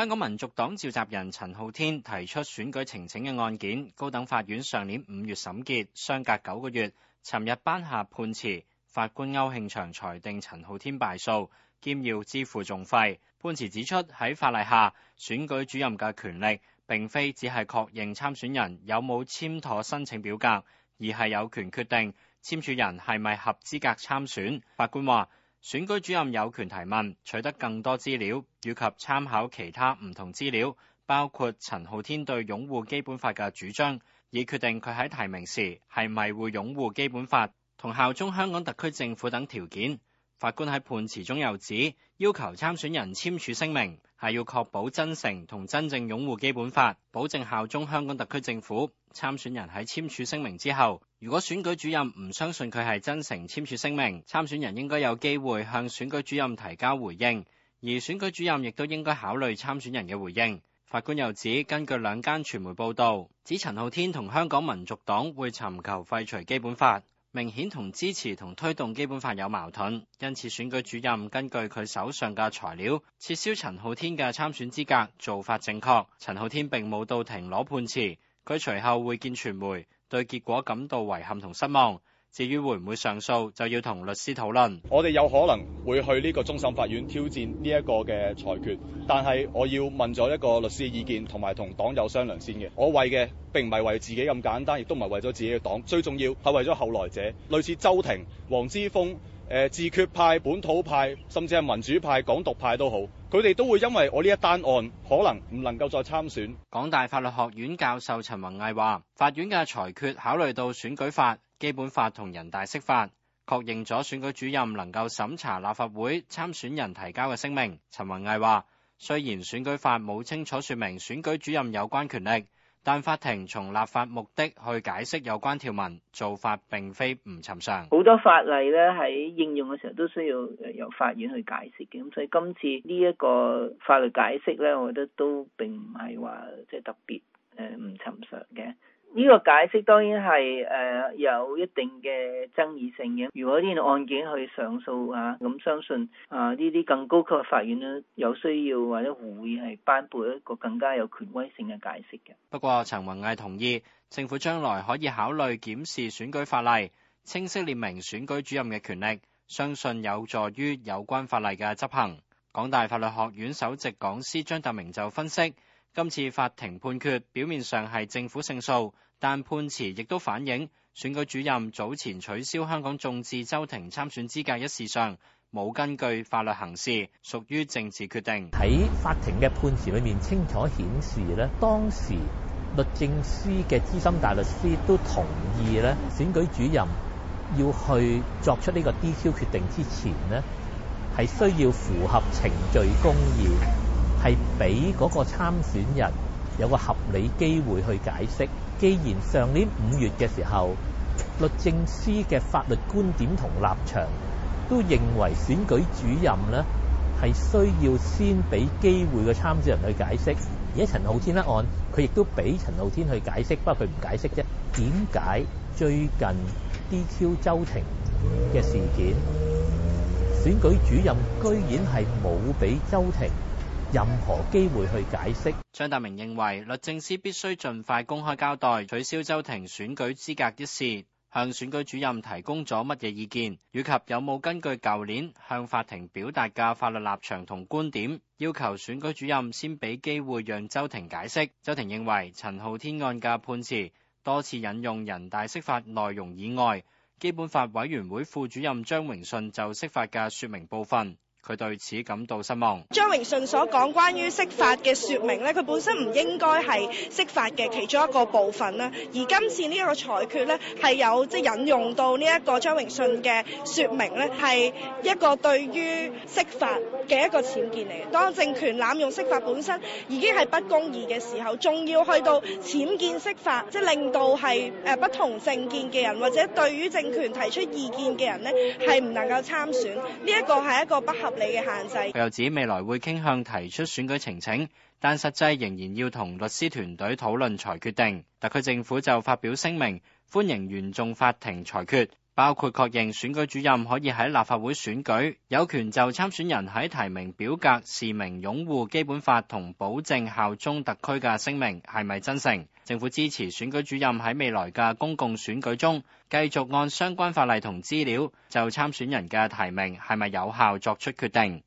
香港民族黨召集人陳浩天提出選舉呈請嘅案件，高等法院上年五月審結，相隔九個月，尋日頒下判詞。法官歐慶祥裁，裁定陳浩天敗訴，兼要支付訟費。判詞指出喺法例下，選舉主任嘅權力並非只係確認參選人有冇簽妥申請表格，而係有權決定簽署人係咪合資格參選。法官話。選舉主任有權提問，取得更多資料，以及參考其他唔同資料，包括陳浩天對擁護基本法嘅主張，以決定佢喺提名時係咪會擁護基本法同效忠香港特區政府等條件。法官喺判詞中又指，要求參選人簽署聲明係要確保真誠同真正擁護基本法，保證效忠香港特區政府。參選人喺簽署聲明之後，如果選舉主任唔相信佢係真誠簽署聲明，參選人應該有機會向選舉主任提交回應，而選舉主任亦都應該考慮參選人嘅回應。法官又指，根據兩間傳媒報道，指陳浩天同香港民族黨會尋求廢除基本法。明顯同支持同推動基本法有矛盾，因此選舉主任根據佢手上嘅材料撤銷陳浩天嘅參選資格，做法正確。陳浩天並冇到庭攞判詞，佢隨後會見傳媒，對結果感到遺憾同失望。至於會唔會上訴，就要同律師討論。我哋有可能會去呢個終審法院挑戰呢一個嘅裁決，但係我要問咗一個律師嘅意見，同埋同黨友商量先嘅。我為嘅並唔係為自己咁簡單，亦都唔係為咗自己嘅黨，最重要係為咗後來者，類似周庭、黃之鋒、自決派、本土派，甚至係民主派、港獨派都好，佢哋都會因為我呢一單案可能唔能夠再參選。港大法律學院教授陳文敏話，法院嘅裁決考慮到選舉法。基本法同人大釋法，確認咗選舉主任能夠審查立法會參選人提交嘅聲明。陳弘毅話，雖然選舉法冇清楚說明選舉主任有關權力，但法庭從立法目的去解釋有關條文做法並非唔尋常。好多法例呢喺應用嘅時候都需要由法院去解釋嘅，咁所以今次呢一個法律解釋呢，我覺得都並唔係話特別唔尋常。呢個解釋當然係誒、呃、有一定嘅爭議性嘅。如果呢件案件去上訴啊，咁相信啊呢啲更高級嘅法院咧有需要或者會係頒佈一個更加有權威性嘅解釋嘅。不過陳文藝同意政府將來可以考慮檢視選舉法例，清晰列明選舉主任嘅權力，相信有助於有關法例嘅執行。港大法律學院首席講師張達明就分析，今次法庭判決表面上係政府勝訴。但判詞亦都反映，選舉主任早前取消香港眾志周庭參選資格一事上，冇根據法律行事，屬於政治決定。喺法庭嘅判詞裏面清楚顯示咧，當時律政司嘅資深大律師都同意咧，選舉主任要去作出呢個 DQ 決定之前呢係需要符合程序公義，係俾嗰個參選人有個合理機會去解釋。既然上年五月嘅時候，律政司嘅法律觀點同立場都認為選舉主任咧係需要先俾機會個參選人去解釋，而家陳浩天一案，佢亦都俾陳浩天去解釋，不過佢唔解釋啫。點解最近 DQ 周庭嘅事件，選舉主任居然係冇俾周庭任何機會去解釋。張達明認為律政司必須盡快公開交代取消周庭選舉資格一事，向選舉主任提供咗乜嘢意見，以及有冇根據舊年向法庭表達嘅法律立場同觀點，要求選舉主任先俾機會讓周庭解釋。周庭認為陳浩天案嘅判詞多次引用人大釋法內容以外，基本法委員會副主任張榮信就釋法嘅説明部分。佢對此感到失望。張榮順所講關於釋法嘅説明呢，佢本身唔應該係釋法嘅其中一個部分啦。而今次呢一個裁決呢，係有即、就是、引用到呢一個張榮順嘅説明呢，係一個對於釋法嘅一個僭建嚟。當政權濫用釋法本身已經係不公義嘅時候，仲要去到僭建釋法，即、就、係、是、令到係誒不同政見嘅人或者對於政權提出意見嘅人呢，係唔能夠參選。呢一個係一個不合。你嘅限制。佢又指未來會傾向提出選舉呈請，但實際仍然要同律師團隊討論才決定。特區政府就發表聲明，歡迎原訟法庭裁決。包括確認選舉主任可以喺立法會選舉有權就參選人喺提名表格示明擁護基本法同保證效忠特區嘅聲明係咪真誠，政府支持選舉主任喺未來嘅公共選舉中繼續按相關法例同資料就參選人嘅提名係咪有效作出決定。